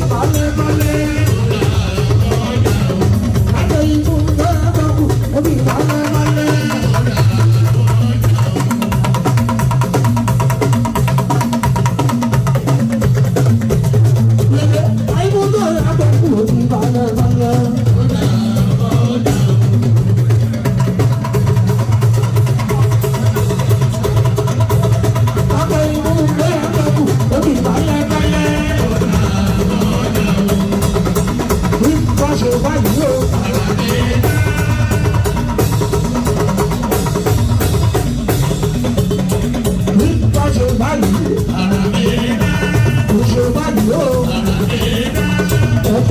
I Hallelujah.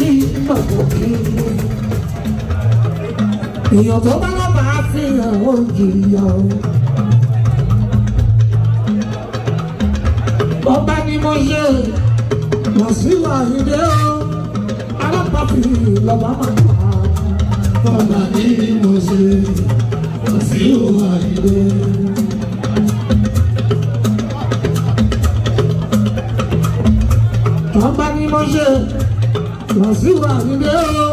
bí gbogbo bí. èèyàn tó bá lọ́ba á fi hàn ó jìyàn. ọba ni mo yẹ wọ́n sí wàhídé o alápàfin lọ́ba máa ta. ọba ni mo ṣe wọ́n sí wàhídé. ọba ni mo ṣe. Wàsíù Àyìndé o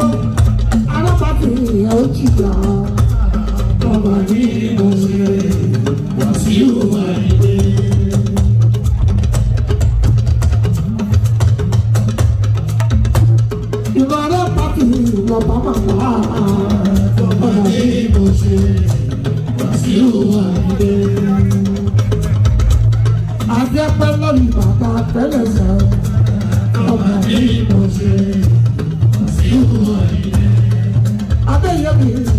alápàtì ìyá ó jìjà bàbá ní mo ṣe Wàsíù Àyìndé. Ìwà alápàtì ìlọ bàbá wà bàbá ní mo ṣe Wàsíù.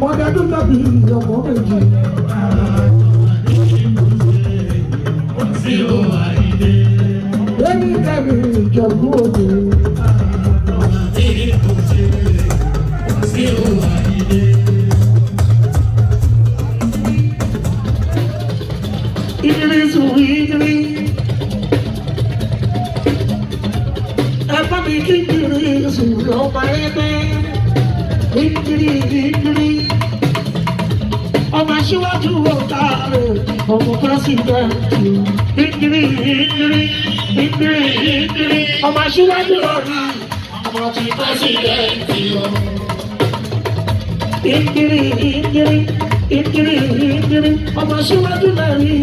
mọ̀dẹ́dún dàbí ìyọ̀mọ́ méjì. Lẹ́ni kẹ́mi ìjọ̀gbọ́n òde. Idris Idris. Ẹ bá ìdírí ìdírí ọmọ aṣíwájú ọ̀tàrò ọmọ pírẹsidẹ́ntì ìdírí ìdírí ìdírí ìdírí ọmọ aṣíwájú ọ̀rá ọmọ ti pírẹsidẹ́ntì o. ìdírí ìdírí ìdírí ìdírí ọmọ aṣíwájú lẹ́rìí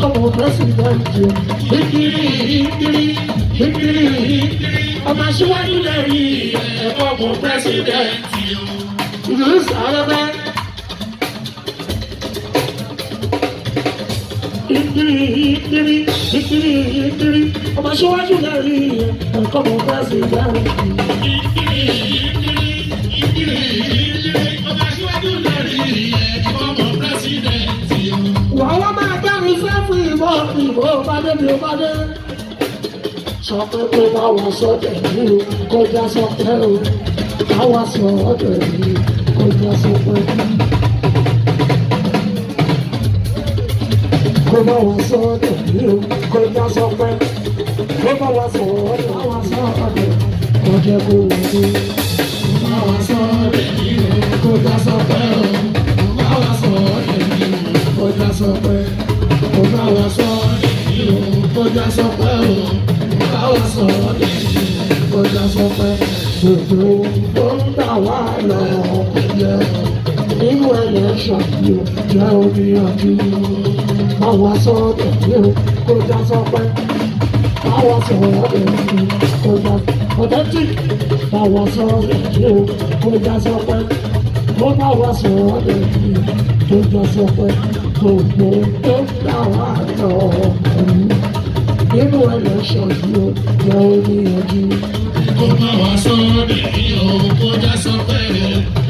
ọmọ pírẹsidẹ́ntì o. ìdírí ìdírí ìdírí ìdírí ọmọ aṣíwájú lẹ́rìí ọmọ pírẹsidẹ́ntì ìdùnnú sọ̀rọ̀ pé ìkiri ìkiri ìkiri ìkiri ọmọ síwájú láàrin ìyẹn nǹkan mọ̀ bá sì gbà wọ́n. ìkiri ìkiri ìkiri ìkiri ọmọ síwájú láàrin ìyẹn nǹkan mọ̀ bá sì dẹ̀ tì í. wàá wá máa dárin fẹ́ fún ìbò ìbò padé bí ó padé sọ pé kó bá wọn sọ káwá sọ ọ̀dọ̀ yìí kò ní aṣọ pẹ̀lú. kó bá wa sọ ọ̀dọ̀ yìí o kò ní aṣọ pẹ̀lú. kó bá wa sọ ọ̀dọ̀ wa sọ ọ̀dọ̀ kò jẹ́ kó wù mí. kó bá wa sọ ọ̀dọ̀ yìí o kò ní aṣọ pẹ̀lú. kó bá wa sọ ọ̀dọ̀ yìí o kò ní aṣọ pẹ̀lú. kó bá ṣoṣo ó ń gbà wá lọ ọ̀pẹ̀lẹ̀ nínú ẹ̀yẹ ṣàbí o jẹ́ omi ọtí báwa sọ̀rọ̀ ẹ̀ kó já sọpẹ́ báwa sọ̀rọ̀ ẹ̀ kó já ọ̀tẹ́tì báwa sọ̀rọ̀ ẹ̀ kó já sọpẹ́ mo báwa sọ̀rọ̀ ẹ̀ kó já sọpẹ́ gbogbo tó gbà wá lọ ọ̀pẹ̀lẹ̀ nínú ẹ̀yẹ ṣàbí o jẹ́ omi ọtí kó kàn wá sóde ní òkú já sọ pé.